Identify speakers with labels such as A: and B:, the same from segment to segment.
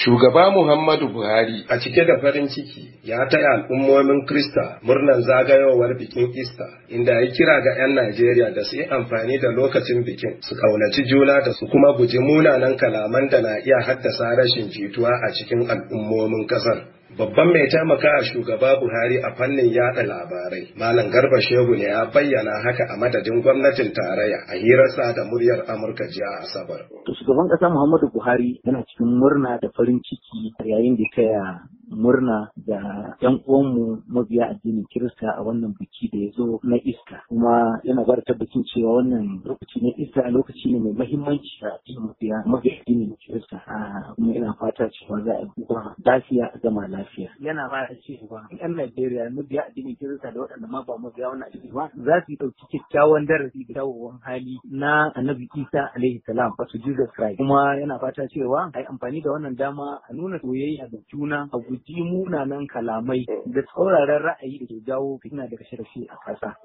A: Shugaba Muhammadu Buhari a cike da farin ciki ya taya al'ummomin Krista murnar zagayowar bikin Easter, inda ya kira ga 'yan Najeriya da su yi amfani da lokacin bikin su ƙaunaci juna da su kuma guji munanan kalaman da na iya haddasa rashin jituwa a cikin al'ummomin ƙasar. Babban mai taimaka shugaba Buhari a fannin yada labarai, Malam Garba Shehu ne ya bayyana haka a madadin gwamnatin tarayya a hirarsa da muryar Amurka jiya a Asabar.
B: Shugaban ƙasa Muhammadu Buhari yana cikin murna da farin ciki yayin da ya murna da yan uwanmu mabiya addinin Kirista a wannan biki da ya zo na iska. kuma yana ba da tabbacin cewa wannan lokaci na iska lokaci ne mai mahimmanci a cikin mabiya mabiya addinin Kirista kuma ina fata cewa za a yi kuma lafiya a gama lafiya yana ba da cewa yan Najeriya mabiya addinin Kirista da waɗanda ma ba mabiya wannan addini ba za su yi ɗauki kyakkyawan darasi da kyawawan hali na Annabi Isa alaihi salam wato Jesus Christ kuma yana fata cewa a yi amfani da wannan dama a nuna soyayya da juna a guji munanan kalamai da tsauraran ra'ayi da ke jawo fitina da kashe a ƙasa.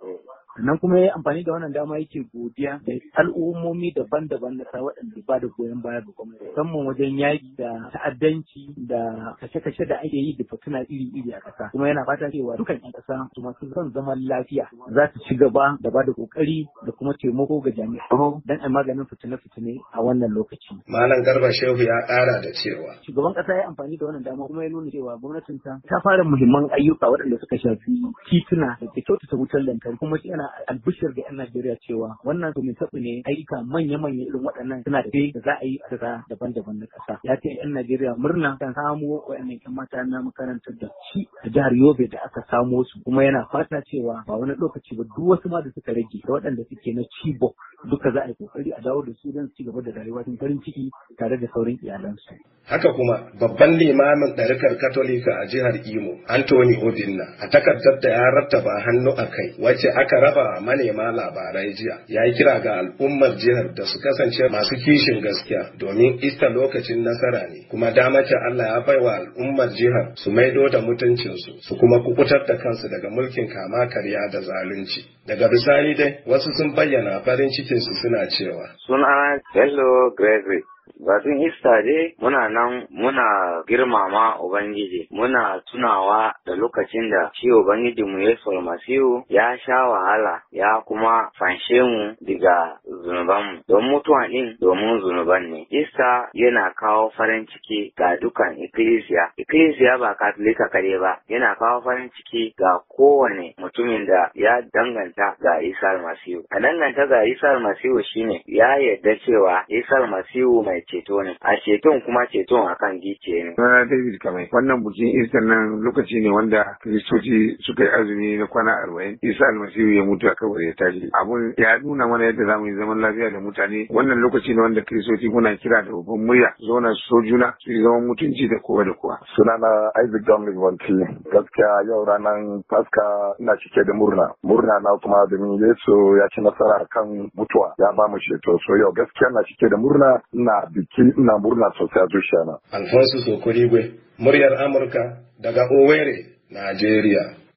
B: sannan kuma ya yi amfani da wannan dama yake godiya da al'ummomi daban-daban na waɗanda ba da goyon baya ga gwamnati musamman wajen yaƙi da ta'addanci da kashe-kashe da ake yi da fatuna iri-iri a ƙasa kuma yana fata cewa dukkan 'yan ƙasa su masu son zaman lafiya za su ci gaba da ba da ƙoƙari da kuma taimako ga jami'an don a maganin fitine-fitine a wannan lokaci. Malam Garba Shehu ya ƙara da cewa. Shugaban ƙasa ya amfani da wannan dama kuma ya nuna cewa gwamnatin ta fara muhimman ayyuka waɗanda suka shafi tituna da kyautata wutar lantarki kuma yana albishir ga 'yan Najeriya cewa wannan domin taɓu ne ayyuka manya-manya irin waɗannan suna da da za a yi a ƙasa daban-daban na ƙasa. Ya ce 'yan Najeriya murna kan samo waɗannan 'yan mata na makarantar da shi a jihar Yobe da aka samo su kuma yana fata cewa ba wani lokaci ba duk wasu ma da suka rage da waɗanda suke na cibo duka za a yi kokari a dawo da su don su ci gaba da rayuwa cikin farin ciki tare da sauran iyalansu.
A: Haka kuma babban limamin ɗarikar Katolika a jihar Imo, Anthony Odinna, a takardar da ya rattaba hannu a kai, wacce aka raba wa manema labarai jiya ya yi kira ga al'ummar jihar da su kasance masu kishin gaskiya domin ista lokacin nasara ne kuma dama ce Allah ya bai wa al'ummar jihar su maido da mutuncinsu su kuma kukutar da kansu daga mulkin kama karya da zalunci daga bisani dai wasu sun bayyana farin cikinsu suna cewa
C: suna Hello Gregory sun Ista dai muna nan muna girmama Ubangiji, muna tunawa da lokacin da shi mu Yesu Almasihu ya sha wahala ya kuma fanshe mu daga mu. don mutuwa ɗin domin zunuban ne. Ista yana kawo farin ciki ga dukan ikkilisiya. Ikkilisiya ba Katolika kare ba, yana kawo farin ciki ga kowane mutumin da ya danganta ga Isa Almasihu. A danganta ga Isa Almasihu shine ya yarda cewa Isa Almasihu mai ceto ne a ceton kuma ceton a akan gice ne sunana david kamai wannan bukin easter nan lokaci ne wanda kiristoci suka yi azumi na kwana arba'in isa almasihu ya mutu a kabari ya tashi abun ya nuna mana yadda zamu yi zaman lafiya da mutane wannan lokaci ne wanda kiristoci muna kira da babban murya zona sojuna. juna su yi zaman mutunci da kowa da kowa sunana isaac john wanti gaskiya yau ranar paska ina cike da murna murna na kuma domin yesu ya ci nasara kan mutuwa ya ba
A: mu ceto so yau gaskiya na cike da murna ina bikin ina murna sosai a zuciya na. Alfonso Sokoligwe, muryar Amurka daga Owerri, Najeriya.